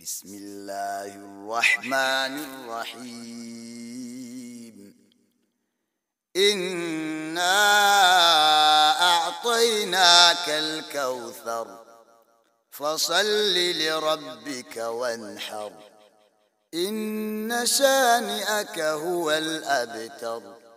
بسم الله الرحمن الرحيم إنا أعطيناك الكوثر فصل لربك وانحر إن شانئك هو الأبتر